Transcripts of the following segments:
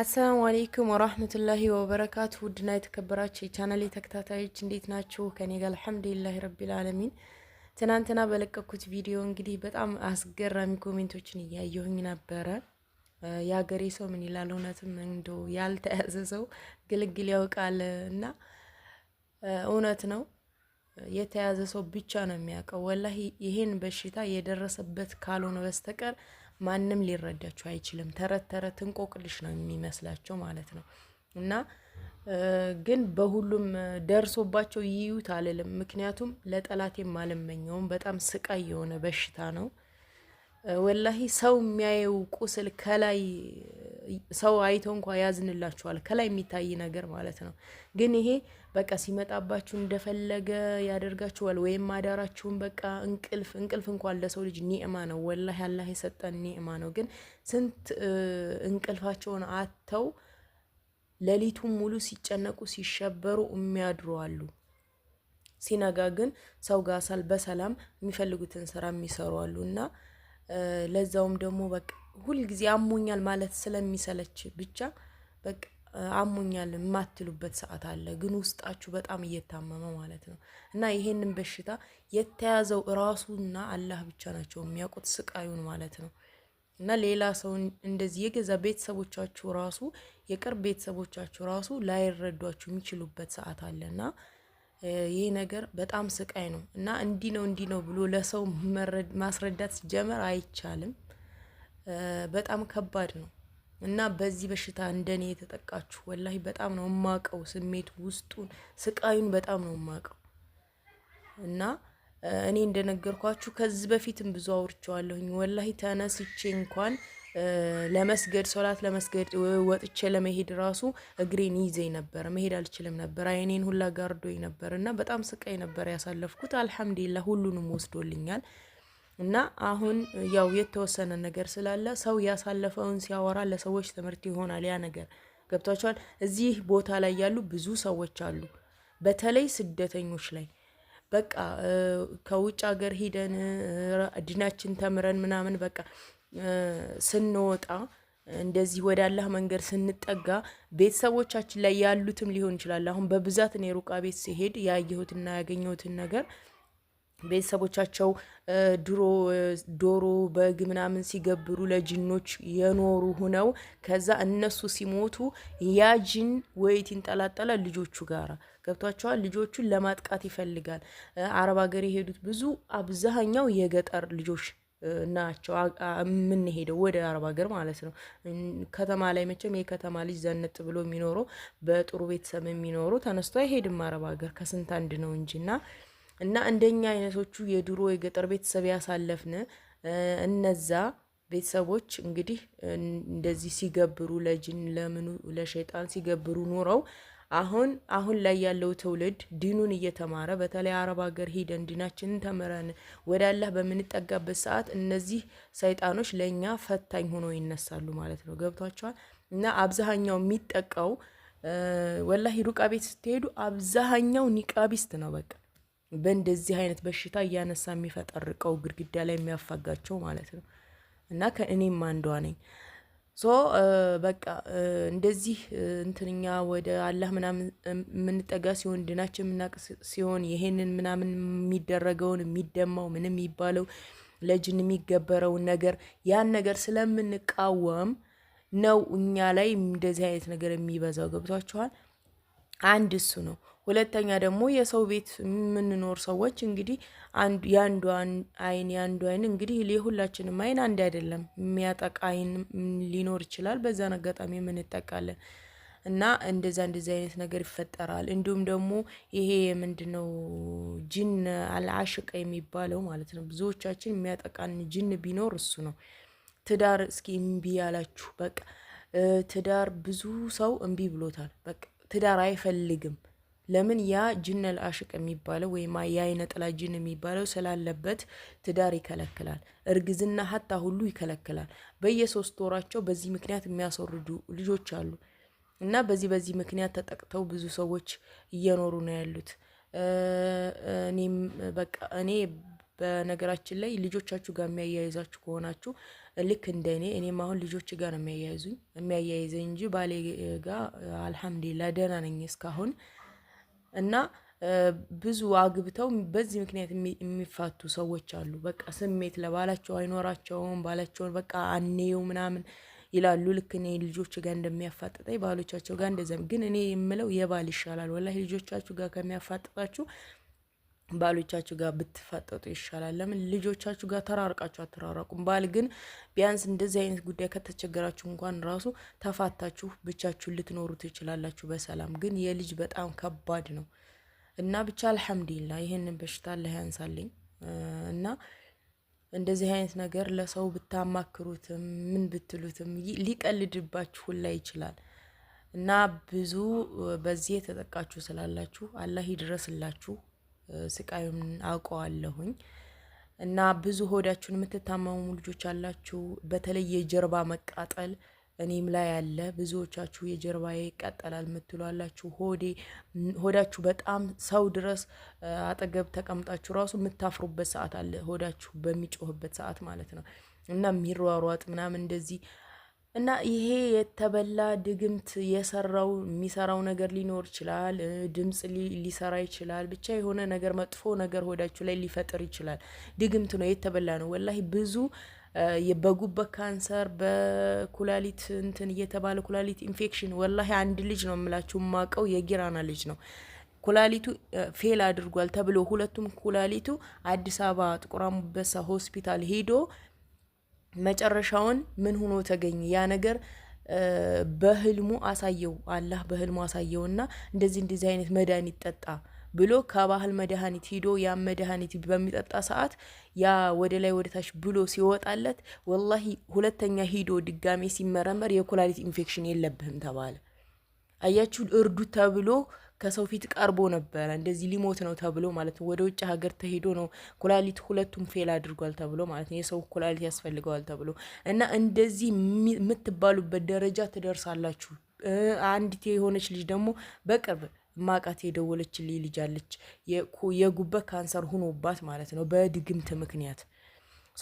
አሰላሙ አሌይኩም ወራህመቱላሂ ወበረካቱ። ውድና የተከበራችሁ የቻናሌ ተከታታዮች እንዴት ናችሁ? ከኔ ጋር አልሐምዱሊላህ ረቢል አለሚን። ትናንትና በለቀኩት ቪዲዮ እንግዲህ በጣም አስገራሚ ኮሜንቶችን እያየሁኝ ነበረ። የሀገሬ ሰው ምን ይላል? እውነትም እንዶ ያልተያዘ ሰው ግልግል ያውቃል እና እውነት ነው። የተያዘ ሰው ብቻ ነው የሚያውቀው። ወላሂ ይሄን በሽታ የደረሰበት ካልሆነ በስተቀር ማንም ሊረዳችሁ አይችልም። ተረት ተረት እንቆቅልሽ ነው የሚመስላቸው ማለት ነው እና ግን በሁሉም ደርሶባቸው ይዩት አልልም። ምክንያቱም ለጠላቴም አልመኘውም። በጣም ስቃይ የሆነ በሽታ ነው ወላሂ ሰው የሚያየው ቁስል ከላይ ሰው አይቶ እንኳ ያዝንላችኋል። ከላይ የሚታይ ነገር ማለት ነው። ግን ይሄ በቃ ሲመጣባችሁ እንደፈለገ ያደርጋችኋል። ወይም አዳራችሁን በቃ እንቅልፍ እንቅልፍ እንኳን ለሰው ልጅ ኒዕማ ነው። ወላሂ አላህ የሰጠን ኒዕማ ነው። ግን ስንት እንቅልፋቸውን አጥተው ሌሊቱን ሙሉ ሲጨነቁ ሲሸበሩ የሚያድሩ አሉ። ሲነጋ ግን ሰው ጋሳል በሰላም የሚፈልጉትን ስራ የሚሰሩ አሉ እና ለዛውም ደግሞ በቃ ሁልጊዜ አሞኛል ማለት ስለሚሰለች ብቻ በቃ አሞኛል የማትሉበት ሰዓት አለ፣ ግን ውስጣችሁ በጣም እየታመመ ማለት ነው። እና ይሄንን በሽታ የተያዘው ራሱና አላህ ብቻ ናቸው የሚያውቁት ስቃዩን ማለት ነው። እና ሌላ ሰው እንደዚህ የገዛ ቤተሰቦቻችሁ ራሱ የቅርብ ቤተሰቦቻችሁ ራሱ ላይረዷችሁ የሚችሉበት ሰዓት አለ እና ይህ ነገር በጣም ስቃይ ነው እና እንዲህ ነው እንዲህ ነው ብሎ ለሰው ማስረዳት ሲጀመር አይቻልም። በጣም ከባድ ነው እና በዚህ በሽታ እንደኔ የተጠቃችሁ ወላሂ በጣም ነው የማውቀው። ስሜት ውስጡን ስቃዩን በጣም ነው የማውቀው እና እኔ እንደነገርኳችሁ ከዚህ በፊትም ብዙ አውርቼዋለሁኝ። ወላሂ ተነስቼ እንኳን ለመስገድ ሶላት ለመስገድ ወጥቼ ለመሄድ ራሱ እግሬን ይዘኝ ነበር፣ መሄድ አልችልም ነበር። አይኔን ሁላ ጋርዶኝ ነበር እና በጣም ስቃይ ነበር ያሳለፍኩት። አልሐምዱሊላ ሁሉንም ወስዶልኛል። እና አሁን ያው የተወሰነ ነገር ስላለ ሰው ያሳለፈውን ሲያወራ ለሰዎች ትምህርት ይሆናል ያ ነገር ገብቷቸዋል። እዚህ ቦታ ላይ ያሉ ብዙ ሰዎች አሉ፣ በተለይ ስደተኞች ላይ በቃ ከውጭ ሀገር ሂደን ድናችን ተምረን ምናምን በቃ ስንወጣ እንደዚህ ወደ አላህ መንገድ ስንጠጋ ቤተሰቦቻችን ላይ ያሉትም ሊሆን ይችላል። አሁን በብዛት እኔ ሩቃ ቤት ሲሄድ ያየሁትና ያገኘሁትን ነገር ቤተሰቦቻቸው ድሮ ዶሮ በግ ምናምን ሲገብሩ ለጅኖች የኖሩ ሁነው ከዛ እነሱ ሲሞቱ ያ ጅን ወይት ይንጠላጠላል ልጆቹ ጋር ገብቷቸዋል። ልጆቹን ለማጥቃት ይፈልጋል። አረብ ሀገር የሄዱት ብዙ አብዛኛው የገጠር ልጆች ናቸው። የምንሄደው ወደ አረብ ሀገር ማለት ነው። ከተማ ላይ መቼም የከተማ ልጅ ዘነጥ ብሎ የሚኖረው በጥሩ ቤተሰብ የሚኖሩ ተነስቶ አይሄድም አረብ ሀገር ከስንት አንድ ነው እንጂና እና እንደኛ አይነቶቹ የድሮ የገጠር ቤተሰብ ያሳለፍን እነዛ ቤተሰቦች እንግዲህ እንደዚህ ሲገብሩ ለጅን ለምኑ ለሸይጣን ሲገብሩ ኑረው አሁን አሁን ላይ ያለው ትውልድ ዲኑን እየተማረ በተለይ አረብ ሀገር ሂደን ዲናችንን ተምረን ወደ አላህ በምንጠጋበት ሰዓት እነዚህ ሰይጣኖች ለእኛ ፈታኝ ሆኖ ይነሳሉ ማለት ነው። ገብቷቸዋል። እና አብዛኛው የሚጠቃው ወላሂ ሩቃ ቤት ስትሄዱ አብዛኛው ኒቃቢስት ነው በቃ በእንደዚህ አይነት በሽታ እያነሳ የሚፈጠርቀው ግድግዳ ላይ የሚያፋጋቸው ማለት ነው። እና ከእኔም አንዷ ነኝ። ሶ በቃ እንደዚህ እንትንኛ ወደ አላህ ምናምን የምንጠጋ ሲሆን ድናችን የምናቅ ሲሆን ይሄንን ምናምን የሚደረገውን የሚደማው ምን የሚባለው ለጅን የሚገበረውን ነገር ያን ነገር ስለምንቃወም ነው እኛ ላይ እንደዚህ አይነት ነገር የሚበዛው። ገብቷችኋል? አንድ እሱ ነው። ሁለተኛ ደግሞ የሰው ቤት የምንኖር ሰዎች እንግዲህ የአንዱ አይን የአንዱ አይን እንግዲህ የሁላችንም አይን አንድ አይደለም። የሚያጠቃ አይን ሊኖር ይችላል። በዛን አጋጣሚ የምንጠቃለን እና እንደዛ እንደዚህ አይነት ነገር ይፈጠራል። እንዲሁም ደግሞ ይሄ ምንድን ነው ጅን አልአሽቀ የሚባለው ማለት ነው። ብዙዎቻችን የሚያጠቃን ጅን ቢኖር እሱ ነው። ትዳር እስኪ እምቢ ያላችሁ በቃ ትዳር ብዙ ሰው እምቢ ብሎታል በቃ ትዳር አይፈልግም። ለምን ያ ጅነል አሽቅ የሚባለው ወይም ያ ጅን የሚባለው ስላለበት ትዳር ይከለክላል። እርግዝና ሀታ ሁሉ ይከለክላል። በየሶስት ወራቸው በዚህ ምክንያት የሚያስወርዱ ልጆች አሉ እና በዚህ በዚህ ምክንያት ተጠቅተው ብዙ ሰዎች እየኖሩ ነው ያሉት። እኔም በቃ እኔ በነገራችን ላይ ልጆቻችሁ ጋር የሚያያይዛችሁ ከሆናችሁ ልክ እንደ እኔ እኔም አሁን ልጆች ጋር ነው የሚያያይዙኝ የሚያያይዘኝ እንጂ ባሌ ጋር አልሐምዱሊላ ደህና ነኝ እስካሁን እና ብዙ አግብተው በዚህ ምክንያት የሚፋቱ ሰዎች አሉ። በቃ ስሜት ለባላቸው አይኖራቸውም። ባላቸውን በቃ አንየው ምናምን ይላሉ። ልክ እኔ ልጆች ጋር እንደሚያፋጥጠኝ ባሎቻቸው ጋር እንደዚያም። ግን እኔ የምለው የባል ይሻላል። ወላሂ ልጆቻችሁ ጋር ከሚያፋጥጣችሁ ባሎቻችሁ ጋር ብትፈጠጡ ይሻላል። ለምን ልጆቻችሁ ጋር ተራርቃችሁ አትራራቁም። ባል ግን ቢያንስ እንደዚህ አይነት ጉዳይ ከተቸገራችሁ እንኳን ራሱ ተፋታችሁ ብቻችሁ ልትኖሩ ትችላላችሁ በሰላም ግን የልጅ በጣም ከባድ ነው እና ብቻ አልሐምዲላ ይህንን በሽታ ላያንሳልኝ እና እንደዚህ አይነት ነገር ለሰው ብታማክሩትም ምን ብትሉትም ሊቀልድባችሁ ሁላ ይችላል እና ብዙ በዚህ የተጠቃችሁ ስላላችሁ አላህ ይድረስላችሁ። ስቃዩን አውቀዋለሁኝ። እና ብዙ ሆዳችሁን የምትታመሙ ልጆች አላችሁ። በተለይ የጀርባ መቃጠል እኔም ላይ አለ ብዙዎቻችሁ የጀርባ ይቃጠላል የምትሉ አላችሁ። ሆዴ ሆዳችሁ በጣም ሰው ድረስ አጠገብ ተቀምጣችሁ ራሱ የምታፍሩበት ሰዓት አለ። ሆዳችሁ በሚጮህበት ሰዓት ማለት ነው እና የሚሯሯጥ ምናምን እንደዚህ እና ይሄ የተበላ ድግምት የሰራው የሚሰራው ነገር ሊኖር ይችላል። ድምፅ ሊሰራ ይችላል። ብቻ የሆነ ነገር መጥፎ ነገር ሆዳችሁ ላይ ሊፈጥር ይችላል። ድግምት ነው፣ የተበላ ነው። ወላሂ ብዙ በጉበት ካንሰር፣ በኩላሊት እንትን እየተባለ ኩላሊት ኢንፌክሽን ወላሂ አንድ ልጅ ነው የምላችሁ የማውቀው የጊራና ልጅ ነው ኩላሊቱ ፌል አድርጓል ተብሎ ሁለቱም ኩላሊቱ አዲስ አበባ ጥቁር አንበሳ ሆስፒታል ሄዶ መጨረሻውን ምን ሆኖ ተገኘ ያ ነገር በህልሙ አሳየው አላህ በህልሙ አሳየውና እንደዚህ እንደዚህ አይነት መድኃኒት ጠጣ ብሎ ከባህል መድኃኒት ሂዶ ያ መድኃኒት በሚጠጣ ሰዓት ያ ወደ ላይ ወደ ታች ብሎ ሲወጣለት ወላሂ ሁለተኛ ሂዶ ድጋሜ ሲመረመር የኩላሊት ኢንፌክሽን የለብህም ተባለ። አያችሁ እርዱ ተብሎ ከሰው ፊት ቀርቦ ነበረ። እንደዚህ ሊሞት ነው ተብሎ ማለት ነው። ወደ ውጭ ሀገር ተሄዶ ነው ኩላሊት ሁለቱም ፌል አድርጓል ተብሎ ማለት ነው። የሰው ኩላሊት ያስፈልገዋል ተብሎ እና እንደዚህ የምትባሉበት ደረጃ ትደርሳላችሁ። አንዲት የሆነች ልጅ ደግሞ በቅርብ ማቃት የደወለችልኝ ልጅ አለች። የጉበት ካንሰር ሁኖባት ማለት ነው በድግምት ምክንያት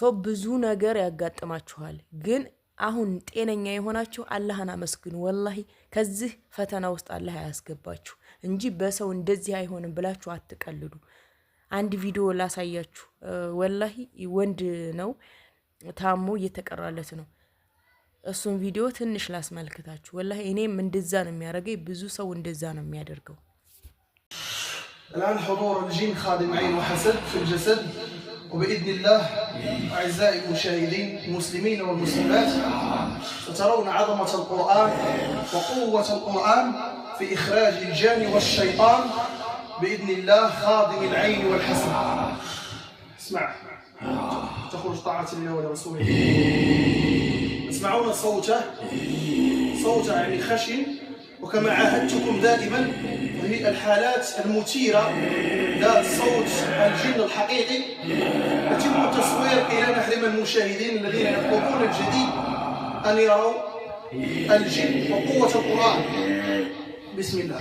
ሰው ብዙ ነገር ያጋጥማችኋል ግን አሁን ጤነኛ የሆናችሁ አላህን አመስግኑ። ወላሂ ከዚህ ፈተና ውስጥ አላህ አያስገባችሁ እንጂ በሰው እንደዚህ አይሆንም ብላችሁ አትቀልዱ። አንድ ቪዲዮ ላሳያችሁ። ወላሂ ወንድ ነው ታሞ እየተቀራለት ነው። እሱን ቪዲዮ ትንሽ ላስመልክታችሁ። ወላ እኔም እንደዛ ነው የሚያደርገኝ፣ ብዙ ሰው እንደዛ ነው የሚያደርገው። وبإذن الله أعزائي المشاهدين المسلمين والمسلمات سترون عظمة القرآن وقوة القرآن في إخراج الجان والشيطان بإذن الله خادم العين والحسن اسمع تخرج طاعة الله ولرسوله تسمعون صوته صوته يعني خشن وكما عاهدتكم دائما وهي الحالات المثيرة ذات صوت الجن الحقيقي يتم التصوير كي لا نحرم المشاهدين الذين يطلبون الجديد أن يروا الجن وقوة القرآن بسم الله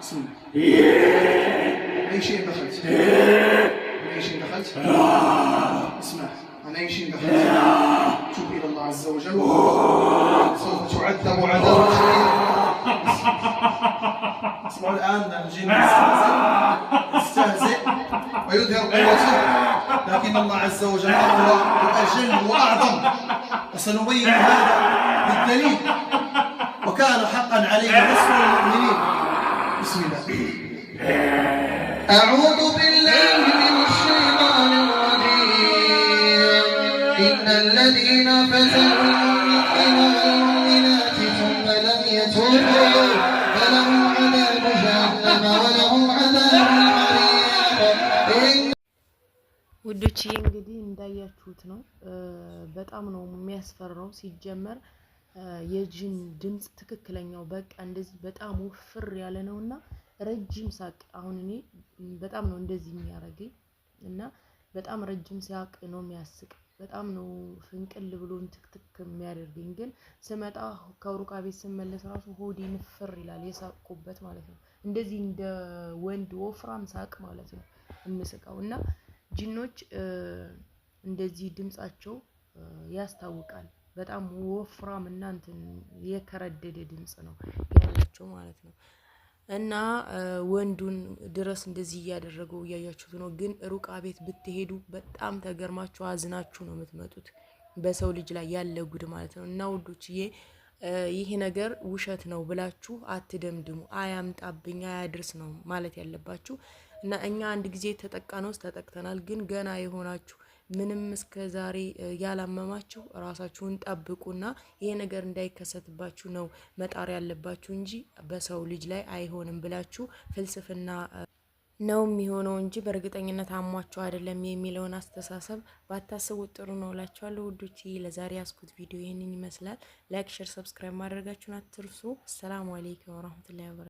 بسم الله أي شيء دخلت أي شيء دخلت اسمع هنيشن توب الى الله عز وجل سوف تعذب عذابا شديدا اسمعوا الان نعم، نعم. الجن يستهزئ ويظهر قوته لكن الله عز وجل اقوى واجل واعظم وسنبين هذا بالدليل وكان حقا علينا نصر المؤمنين بسم الله أعوذ بالله من ውዶች ይሄ እንግዲህ እንዳያችሁት ነው። በጣም ነው የሚያስፈራው። ሲጀመር የጅን ድምፅ ትክክለኛው በቃ እንደዚህ በጣም ውፍር ያለ ነው እና ረጅም ሳቅ። አሁን እኔ በጣም ነው እንደዚህ የሚያደርገኝ እና በጣም ረጅም ሳቅ ነው የሚያስቅ። በጣም ነው ፍንቅል ብሎ ትክትክ የሚያደርገኝ። ግን ስመጣ ከሩቃ ቤት ስመለስ ራሱ ሆዴ ንፍር ይላል የሳቅኩበት ማለት ነው። እንደዚህ እንደ ወንድ ወፍራም ሳቅ ማለት ነው የምስቀው እና ጅኖች እንደዚህ ድምጻቸው ያስታውቃል። በጣም ወፍራም እና እንትን የከረደደ ድምጽ ነው ያላቸው ማለት ነው። እና ወንዱን ድረስ እንደዚህ እያደረገው እያያችሁት ነው። ግን ሩቃ ቤት ብትሄዱ በጣም ተገርማችሁ አዝናችሁ ነው የምትመጡት በሰው ልጅ ላይ ያለ ጉድ ማለት ነው። እና ውዶችዬ ይሄ ነገር ውሸት ነው ብላችሁ አትደምድሙ። አያምጣብኝ አያድርስ ነው ማለት ያለባችሁ። እና እኛ አንድ ጊዜ ተጠቃኖስ ተጠቅተናል። ግን ገና የሆናችሁ ምንም እስከ ዛሬ ያላመማችሁ ራሳችሁን ጠብቁና ይሄ ነገር እንዳይከሰትባችሁ ነው መጣር ያለባችሁ እንጂ በሰው ልጅ ላይ አይሆንም ብላችሁ ፍልስፍና ነው የሚሆነው እንጂ በእርግጠኝነት አሟቸው አይደለም የሚለውን አስተሳሰብ ባታስቡት ጥሩ ነው እላችኋለሁ። ውዶች ለዛሬ ያስኩት ቪዲዮ ይህንን ይመስላል። ላይክ፣ ሸር፣ ሰብስክራይብ ማድረጋችሁን አትርሱ። አሰላሙ አሌይኩም ወረህመቱላሂ